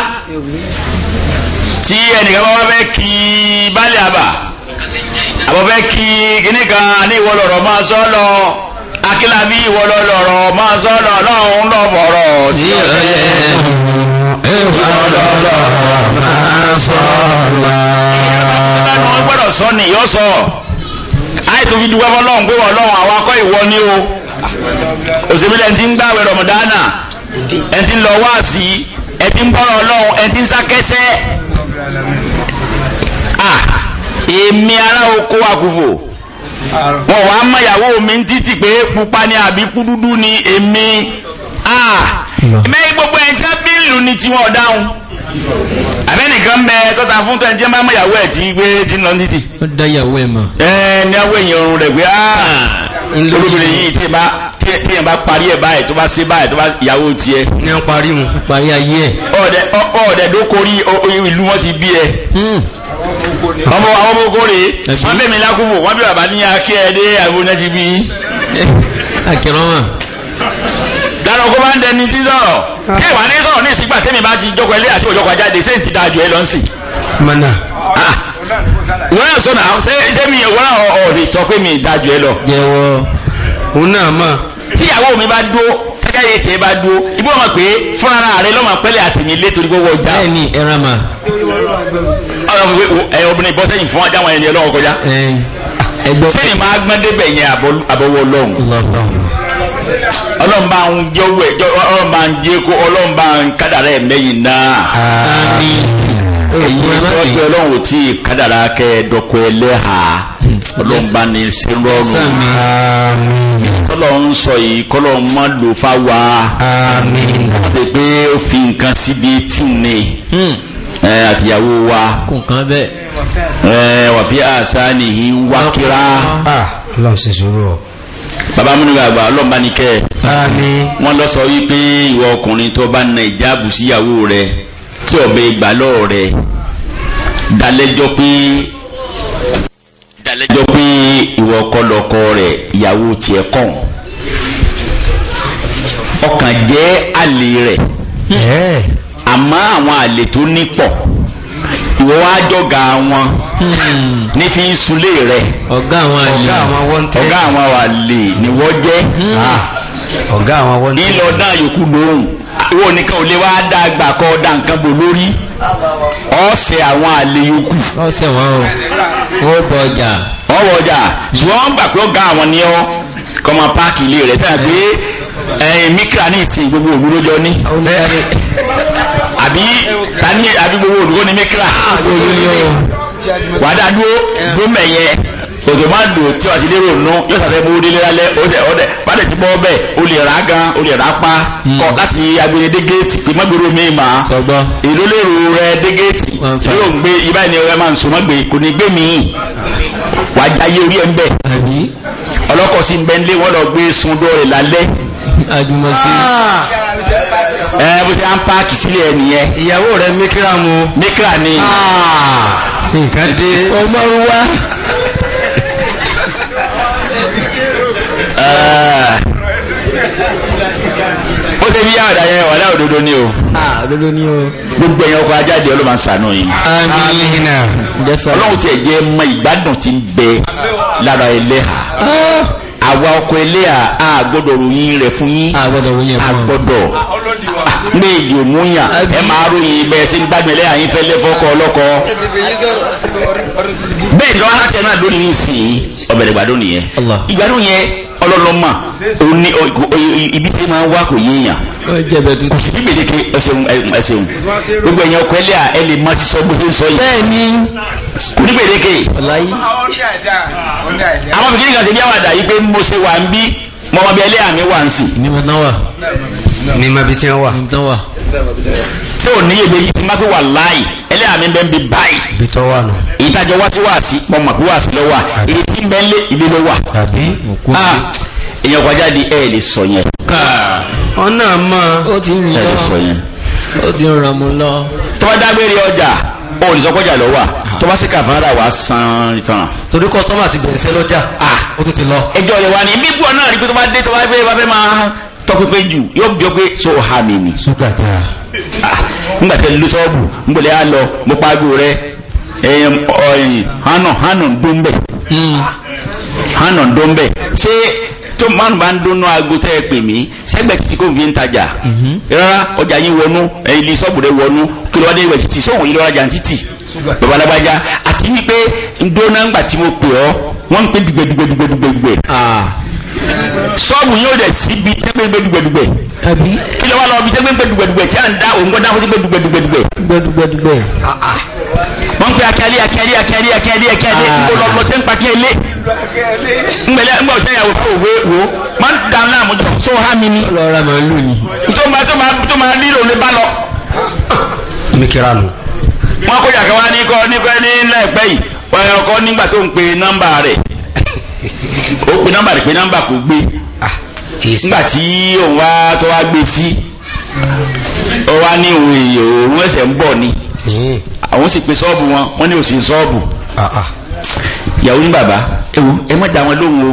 Speaker 1: tí ẹnìkan bá fẹ́ kí baálé àbà àbọ̀ fẹ́ kí kíní kan ní ìwọ lọ̀rọ̀ máa sọ lọ akílábí ìwọ lọ lọ̀rọ̀ máa sọ lọ lọ́hùn lọ́bọ̀rọ̀ sí ọ̀yẹ́ ìwọ lọ̀rọ̀ máa sọ lọ. ìyá tó fi dúpẹ́ fọlọ́run pé ọlọ́run àwọn akọ́ ìwọ ni o òṣèbílẹ̀ ẹni tí ń gbàwẹ̀ rọ̀mọ̀dánà ẹni tí ń lọ wáàsí ẹni tí ń bọ́rọ̀ ọlọ́run ẹni tí ń sákẹ́sẹ́ èmi ará oko àkùfò wọn wàá mọ ìyàwó mi ń títì pé pupa ni àbí dúdú ni èmi mẹ́rin gbogbo ẹni tí wọ́n bí ni tí wọ́n àbẹ́nìkan bẹ tọ́ta fún tó ẹjẹ́ máa mú ìyàwó ẹ̀ tí gbé tí lọ títì ó dá ìyàwó ẹ̀ mọ̀ ẹ̀ ní àwọ̀ èèyàn ọrùn rẹ̀ gbé olóbìnrin yìí tí ẹ̀ bá parí ẹ̀ báyìí tó bá sí báyìí tó bá ìyàwó ti ẹ̀ ní ọ parí mu parí ayé ẹ̀ ọ̀ọ̀dẹ̀ dókòrí ìlú wọn ti bí ẹ hmm. ọmọ àwọn ọmọ rè wọ́n bẹ̀mí lákùnfò wọ́n bí bàbá ní akẹ́ àbúrò náà ti bí [laughs] akẹ́rọ̀mọ̀ dára kó bá ń dẹni tí sọ̀rọ̀ ah. kí ìwà ní sọ̀rọ̀ ní ìsìgbà tẹ́mi bá ti jókòó ilé àti òjòkó ajáde ṣé ti dáa ẹ lọ sí. mana. Ah. wọ́n yà sọ̀nà ṣé ṣé mi wọ́n ọ̀ sọ pé mi dáa jù ẹ lọ. jẹ́wọ́ òun náà mọ̀. tíyàwó mi bá dúró káyé tiẹ̀ bá dúró ibú ọmọ pé fúnra rẹ lọ́mọ pẹ́lẹ́ àtìmí lé torí gbogbo ọjà. bẹ́ẹ̀ ni ẹran ma. ọ̀rọ̀ obìnrin bọ́ sẹ́yìn fún ajá wọn ẹni ọlọ́wọ́ kọjá. sẹ́yìn máa gbọ́n débẹ̀ yẹn àbọ̀wọ́ ọlọ́run ọlọ́run ń jẹ́ owó ẹ̀jọ́ ọlọ́run ń jẹ́ kó ọlọ́run ń kádàrá ẹ̀ mẹ́yìn náà. èyí tọ́jú ọlọ́run tí kádàrá kẹ́ dọ́kọ̀ ẹlẹ́hà ọlọ́run bá ní ṣe rọrùn. tọ́lọ́run sọ yìí kọ́lọ́run má lò fáwa. wọ́n ti ó fi nǹkan síbi tí ò ní hmm. àtìyàwó wa kò kán bẹ́ẹ̀ wàfíà sáà nìyí wákìrá. lọ́ọ̀ sì sọ̀rọ̀ bàbá múnigàgbà ọlọ́mbà ní kẹ́ ẹ̀ wọ́n lọ sọ wípé ìwọ ọkùnrin tó bá na ìjáàbù síyàwó rẹ tí ọ̀bẹ ìgbàlọ́ rẹ dalẹ́jọ́ pé dalẹ́jọ́ pé ìwọ ọkọ lọ́kọ rẹ ìyàwó tiẹ̀ kàn ọkàn jẹ́ àlè rẹ̀ àmọ́ àwọn àlè tó nípọ̀ ìwọ wá jọ̀gà wọn hmm. ní fi ń sulé rẹ̀ ọ̀gá àwọn wà lè ní wọ́n jẹ́ ọ̀gá àwọn wọ́n tẹ́ ìlọ hmm. ah. dá yòókù lóhùn ìwọ nìkan ò lè wá dá àgbà kọ́ dá nǹkan bò lórí ọ̀sẹ̀ àwọn àlè yòókù ọ̀sẹ̀ wọn ò wọ́pọ̀ ọjà ọwọ́ ọjà ṣùgbọ́n gbà pé ọ̀gá àwọn ni ọ kọ́ máa páàkì ilé rẹ̀ tẹ́ ẹ̀yìn mikra ní ìsìn gbogbo òdúró jọ ní àbí tani àbí gbogbo òdúró ní mikra ah, wàdà dúró gómẹ̀ yẹ òjò máa dùn tí wàá ti lérò nù yóò sàfẹ́ bó délé lálẹ́ ọdẹ ọdẹ bàdẹ ti bọ́ ọbẹ̀ o lè rà á gan o lè rà á pa hmm. kọ láti agbèrè dé géètì pé mọ́gbèrò mi mà á ìlólérò rẹ dé géètì yóò gbé ibà ni ọ̀rẹ́ máa ń so mọ́gbè kò ní gbé mi wàá jáyé orí ẹ̀ ń bẹ̀ ọlọ́kọ̀ sí ń bẹ́ nílé wọ́n lọ gbé sundọ́ rẹ̀ lálẹ́ àjùmọ̀sí ah! ẹ bó ṣe à ń páàkì sílẹ̀ ẹ nìyẹn ìyàwó rẹ̀ mikra mu mikra ni ah! nǹkan dé ọmọ wa. [laughs] débi yára yẹn wà láà òdodo ni o. òdodo ní o. gbogbo ẹ̀yàn ọkọ̀ ajáde ọlọ́mà sànú yìí. amina. ọlọ́run tiẹ̀ jẹ́ mọ ìgbádùn tí bẹ lára ẹlẹ́hà. Ah. àwa ẹlẹ́hà a gbọ́dọ̀ ròyìn rẹ̀ fún yín. a gbọ́dọ̀ ròyìn rẹ̀ fún yín. a gbọ́dọ̀ ah, ní èdè ẹ máa ròyìn sí ẹlẹ́hà yín fẹ́ ọlọ́kọ. bẹ́ẹ̀ ni wọ́n á náà lónìí ọlọ́lọ́mà òní ibi tí máa ń wá kò yéèyàn kò sí bíbélé ké ẹsẹ̀hún ẹsẹ̀hún gbogbo ẹ̀yàn ọkọ̀ ẹlẹ́à ẹ lè má sísọ bó ṣe ń sọ yìí. bẹ́ẹ̀ni àwọn bìkínì kan ṣe bí àwọn yìí pé mo ṣe wà ń bí mo ẹlẹ́à mi wà ń sìn ní mabi tí wọ́n wà tí ò ní ebe yìí ti má pé wà láì ẹlẹ́yà mi bẹ́ẹ̀ bí báyìí ibi tó wà nù ìtajọ wá sí wà sí pọmọ pé wà sí lọ wà èyí tí ń bẹ́ẹ̀ lé ilé lọ wà ah, èèyàn kọjá di ẹ̀ lè sọ yẹn. ọ̀nà mọ́ ó ti ń lọ ó ti ń ràn mú lọ. tó bá dágbére ọjà ó lè sọpọ́jà lọ wà tó bá sí kàfàrà wà san ìtàn. torí kọ́sọ́mà ti bẹ̀rẹ̀ sẹ́ ah. ó tún ti lọ. ẹjọ́ rẹ̀ wà ní bíbọ̀ náà rí pé tó bá dé tó bá fẹ́ máa tọpẹpẹ jù yóò bí ọ pé so ha mi ni. sukata. ngbàtẹ lusọọbù ngbọlẹ á lọ mo paago rẹ ọyìn hànà hànà dóńbẹ. hànà dóńbẹ ṣé tó mánu bá ń dúnú aago tẹ́ ẹ pè mí sẹ́gbẹ̀ fi ń tajà rárá ọjà wọnú sọ́ọ̀bù rẹ wọnú dé ìwẹ̀ sóhun ìlú ọjà títì babalábájá àti wípé ń tí mo pè ọ́ sọ́ọ̀bù yóò dẹ̀ sí ibi tí wọ́n gbé dùgbẹ̀dùgbẹ̀ kí ló wá lọ ibi tí wọ́n gbé dùgbẹ̀dùgbẹ̀ tí à ń dá òun gbọ́dá fún gbé dùgbẹ̀dùgbẹ̀dùgbẹ̀. Ah, ah. wọ́n pe akẹ́lé akẹ́lé akẹ́lé akẹ́lé akẹ́lé kó ah. lọ lọ sí ń pa kẹ́lé ngbẹ̀lẹ́ ngbẹ̀ ọ̀tẹ́ ìyàwó fún òwe wo máa ń da náà mo tó há mi ni. lọ́ra máa ń lù ní. tó máa tó máa tó máa nílò lè bá lọ. mi kira lò. wọ́n kó yàgò wá ó pe nọ́mbà rẹ̀ pé nọ́mbà kò gbé ah, nígbà tí òun wá tó wá gbé sí ó wá ní òun èyí òun ẹsẹ̀ ń bọ̀ ni hmm. àwọn sì pe sọ́ọ̀bù wọn wọ́n ní òsì sọ́ọ̀bù ah, ah. ìyàwó ní bàbá ewu ẹ mọ́ da wọn lóhun o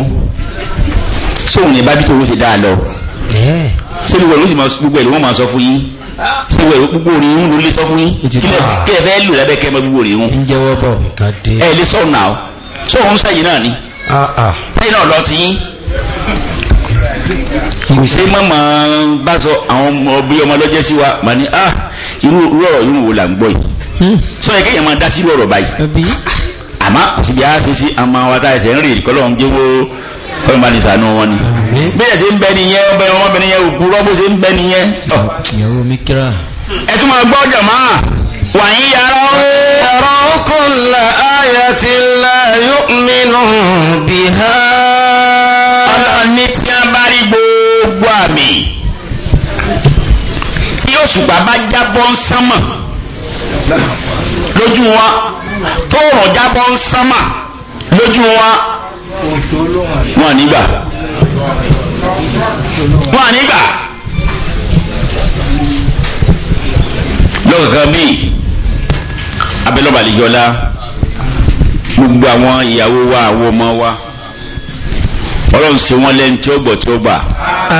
Speaker 1: sóhun ní bábí tó owó ṣe dáa lọ sínú hmm. ìwẹ̀ ló sì gbogbo ẹ̀ ló wọ́n máa sọ fún yín sínú ìwẹ̀ gbogbo orin yín ló lè sọ fún yín kí ẹ fẹ́ lò lábẹ́ kẹ́ mọ́ gbogbo orin yín ẹ lè sọ náà sóhun sẹ́yìn náà ni tẹ́yìn ah, ah. náà lọ ti yín ìwùsẹ́ mọ́mọ́ bá sọ àwọn ọmọ bí ọmọ lọ́jẹ́ sí wa mà ní ah irú ọ̀rọ̀ yìí wò là ń gbọ́ yìí hmm. sọ yẹ kéèyàn máa dá sí irú ọ̀rọ̀ báyìí àmọ́ kò síbi á ṣe sí àmọ́ àwọn ata ẹ̀sẹ̀ ń rè kọ́lọ́ ń jẹ́wọ́ fẹ́mi bani sànú wọn ni bẹ́ẹ̀ ṣe ń bẹ nìyẹn ọbẹ̀rẹ̀ ọmọbìnrin yẹn òkú rọ́bù ṣe ń bẹ nìyẹn. ẹ gbọ́ jàmáà وإن يروا يروا كل آية لا يؤمنوا بها ọlọ́ni tí a bá rí gbogbo àmì tí òṣùpá bá jábọ́ ń sánmà lójú wa tóòrùn jábọ́ ń sánmà lójú wa wọn nígbà wọn nígbà lọ́kàn bíi abẹ́lọ́ba àlejòlá gbogbo àwọn ìyàwó wa àwọn ọmọ wa ọlọ́run ṣe wọ́n lẹ́ni tí ó gbọ́ tí ó gbà.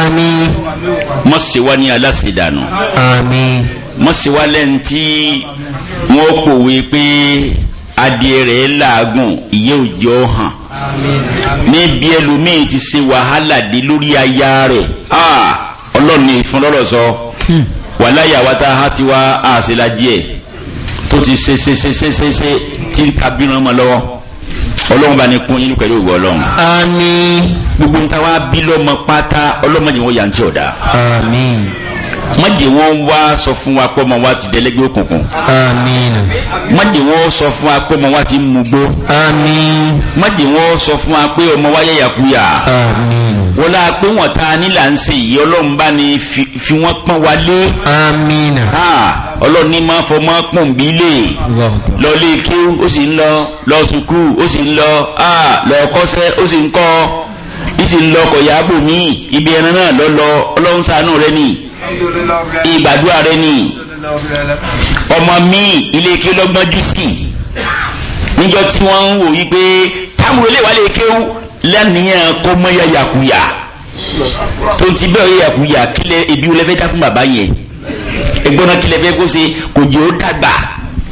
Speaker 1: àmín. mọ̀ ṣe wá ní aláṣẹ̀dànù. àmín. mọ̀ ṣe wá lẹ́ni tí wọ́n pòwe pé adìẹ rẹ̀ làágùn ìyẹ́ òjò hàn. níbi ẹlòmíì ti ṣe wàhálà dé lórí aya rẹ̀ ah! ọlọ́run ní ìfúnlọ́rọ̀ sọ hmm. wàláyà tá a ti wá àṣìlá díẹ̀ tó ti ṣe ṣe ṣe ṣe ṣe ṣe tí kabiru ọmọ lọ́wọ́ ọlọ́run bá ní kún yín pẹ̀lú ìwọ ọlọ́run. àmín. gbogbo nta wa bí lọ́mọ pátá ọlọ́mọ yìí wọ́n yà ń tí ọ̀dà. àmín májè wọn wá sọ fún wa pọ́ ma wá ti dẹ́lẹ́gbẹ́ òkùnkùn. àmín. májè wọn sọ fún wa pọ́ ma wá ti mugbó. àmín. májè wọn sọ fún wa pé ọmọ wa yẹ̀yàkuyà. àmín. wọ́n la pé wọ́n ta nílà ń ṣe yìí ọlọ́run bá ní fi wọ́n pọ́n wa lé. àmín. fọ máa pọ̀n bí lè. lọ kí ó sì ń lọ lọ sùkú ó sì ń lọ lọ ó sì ń kọ́ ìsìn lọkọ̀ yàgbò míì ibi ẹran náà lọ́lọ́ ọlọ́run ṣàánú rẹ nìyí ìgbàdúrà rẹ ni ọmọ mi ilé ike lọ́gbọ́n jù sí níjọ́ tí wọ́n ń wò yí pé táwọn ilé wa lè kéwú lẹ́nìyàn kó mọ́ yàyàkuyà tó ti bẹ́ẹ̀ yàyàkuyà kílẹ̀ ebi wọlé fẹ́ dá fún bàbá yẹn ẹgbọ́nà kílẹ̀ fẹ́ kó ṣe kò jẹ́ ó dàgbà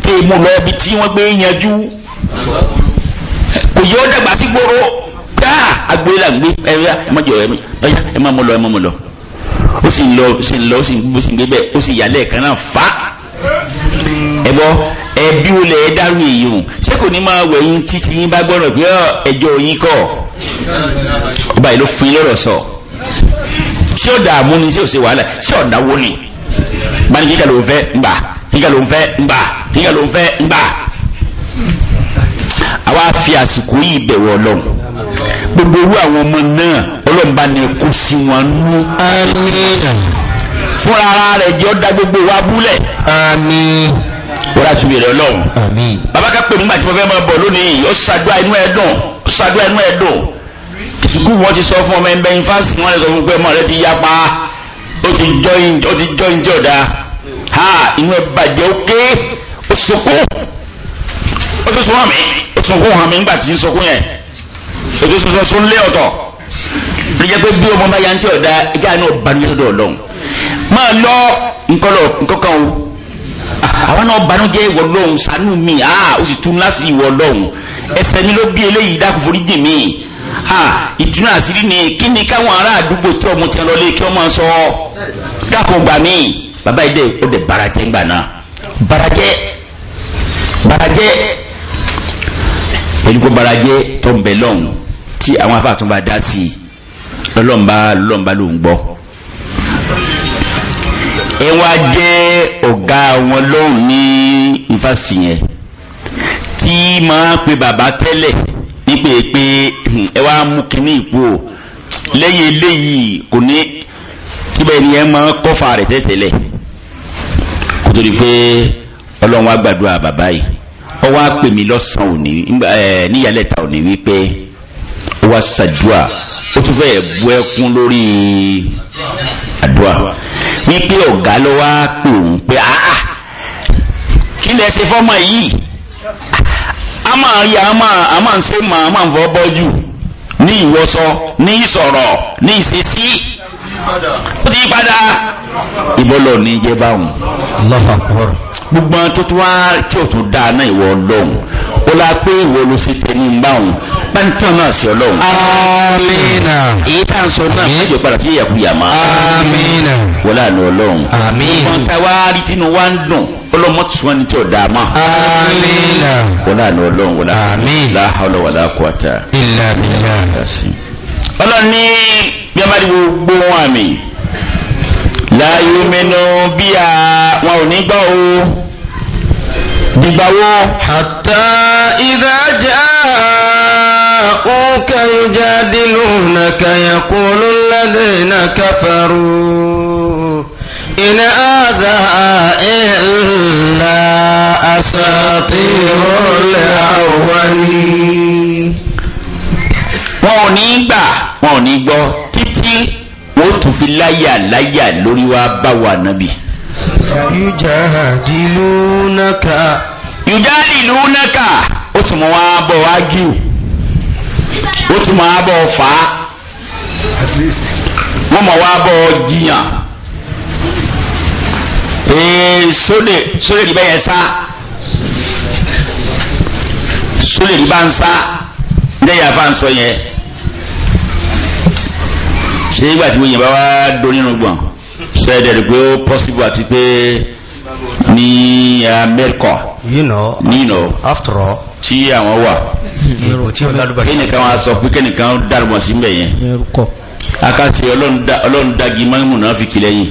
Speaker 1: tẹ́ mú lọ ibi tí wọ́n gbé yanjú kò jẹ́ ó dàgbà sí gbòòrò dáa agbélé làgbé ẹ̀yà ẹ̀ má jọ ẹ̀ má mú lọ ẹ̀ má mú lọ ó sì lọ ó sì lọ ó sì gbó sì gbé bẹ́ẹ̀ ó sì yàlẹ́ ẹ̀kan náà fà á ẹ gbọ́ ẹbí wo lẹ̀ ẹ dárú èyí o ṣé kò ní máa wẹ̀yìn títí yín bá gbọ́ràn pé ẹjọ́ yín kọ̀ ọba yìí ló fún yín lọ́rọ̀ sọ tí ó dààmú ni tí ò ṣe wàhálà tí ò náwó ni bá kíkà ló ń fẹ́ ńgbà kíkà ló ń fẹ́ ńgbà kíkà ló ń fẹ́ ńgbà àwa fi àsìkò yìí bẹ̀wọ̀ ọlọ́run gbogbo irú àwọn ọmọ náà ọlọ́mba ni kò sí wọn nú. àmín. fúnra ara rẹ̀ jẹ́ ọ́ da gbogbo wa búlẹ̀. àmín. wọ́n á tún yẹrẹ ọlọ́run. àmín. bàbá ká pè mí gbàtí mo fẹ́ máa bọ̀ lónìí ó ṣàdúrà inú ẹ̀ dùn ó ṣàdúrà inú ẹ̀ dùn. sùkúù wọn ti sọ fún ọmọ ẹgbẹ́ yunifásitì wọn lè sọ fún pé ọmọ rẹ ti yapa ó ti jọ ìjọ ọ̀dà ha inú ẹ̀ bàjẹ́ ó ké ó sọkún ó tún sọ wọn mi ó tún kún wọn mi nígbà tí ń sọkún yẹn. ètò sọsọ sún lé ọ̀tọ̀ ló ọmọ bá ya ń tí ọ̀dá ẹjẹ́ àánú ọ̀bànújẹ́ sọ́dọ̀ ọlọ́run máa lọ nǹkan o àwọn náà mi a ó sì tún láti ìwọ lọ́hùn ẹsẹ̀ ni ló bí eléyìí dákú forí jì mí a ìdúná àṣírí ni kí ni káwọn ará àdúgbò tí ọmọ lọlé kí ọmọ sọ dákú gbà mí bàbá yìí ó barajẹ náà barajẹ barajẹ. pẹ̀lú kó bara jẹ́ tó ń bẹ lọ́hùn tí àwọn afá tó ń bá dá sí i lọ́lọ́mbà ló ń gbọ́. ẹ wá jẹ́ ọ̀gá wọn lọ́hùn ní ìfàsì tí máa pe bàbá tẹ́lẹ̀ nípe pé hmm, ẹ wá mú kínní ìpò lẹ́yìn eléyìí kò ní tíbẹ̀ ni ẹ máa kọ́fà rẹ̀ tẹ́tẹ́lẹ̀ kó tó di pé ọlọ́run wá gbàdúrà bàbá yìí ó wá pè mí lọ́sàn òní níyàlẹ́ta òní wípé ó wá ṣàdúà ó tún fẹ́ẹ̀ bú ẹkún lórí àdúà wípé ọ̀gá ló wá pè òun pé àá kí lẹ ṣe fọ́mọ yìí a máa rí a máa a máa ń ṣe máa a máa ń fọ́ bọ́jú ní ìwọṣọ ní ìsọ̀rọ̀ ní ìṣesí. Si ó ti yí padà ìbọ́lọ̀ ní jẹ́ báwọn gbogbo tó tó wá tí ò tún dáa náà ìwọ ọlọ́run ó la pé ìwọ ló sì tẹ̀ ní báwọn pẹ́ntàn náà sí ọlọ́run amínà èyí tá à ń sọ náà méjì padà sí ìyàkuyà máa amínà wọ́n láàánú ọlọ́run amínà wọ́n ta rí tínú wá ń dùn ọlọ́mọ tí wọ́n ní tí ò dáa mọ́ amínà wọ́n láàánú ọlọ́run wọ́n láàánú la hawla wala quwata illa billah bí wọ́n bá di gbogbo wọn àmì láàyè mẹ́nu bí a wọn ò ní gbọ́ o dìgbàwó. hatta idha ja'uka yujadilunaka yaqulu alladhina kafaru in hadha illa asatirul awwalin. wọn ò ní gbà wọn ò ní gbọ́ wọ́n tún fi láyà láyà lórí wa bá wà nábì yùjádìlúnàkà yùjádìlúnàkà ó tún mọ́ wá bọ̀ wá gíù ó tún mọ́ wá bọ̀ fà á wọ́n mọ̀ wá bọ̀ jiyàn ee bẹ́yẹn sá sólè bá ń sá ndẹ́yà bá yẹn ṣé ìgbà tí wọ́n yẹn bá wá dó nínú gbọ̀n ṣe é dẹ̀rù pé ó possible àti pé ní amẹ́ríkà ní ìnà tí àwọn wà kẹ́nìkan wọn sọ pé kẹ́nìkan dàrúmọ̀ sí mbẹ̀ yẹn akásí ọlọ́run dagi mọ́mù náà fi kìlẹ̀ yìí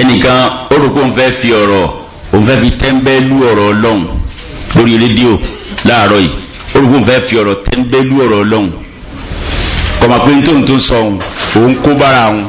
Speaker 1: ẹnìkan ó rò pé òun fẹ́ fi ọ̀rọ̀ òun fẹ́ fi tẹ́ńbẹ́lú ọ̀rọ̀ ọlọ́run lórí rédíò láàárọ̀ yìí ó rò pé òun fẹ́ fi ọ̀rọ̀ tẹ́ńbẹ́lú ọ̀rọ̀ ọlọ́run kọ̀mọ̀ pé tó ń tó ń sọ òun kó bára òun